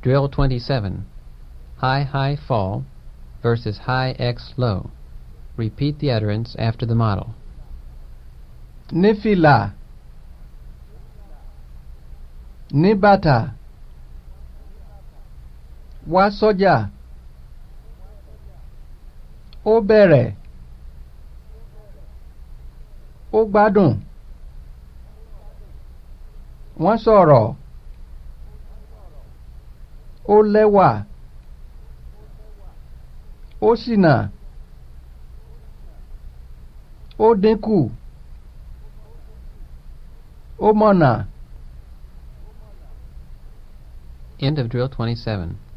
Drill 27. High high fall versus high x low. Repeat the utterance after the model. Nifila Nibata Wasoja Obere Ogbadun Wasoro. ó lẹ́wà ó ṣìnà ó dínkù ó mọ̀nà. End of drill 27.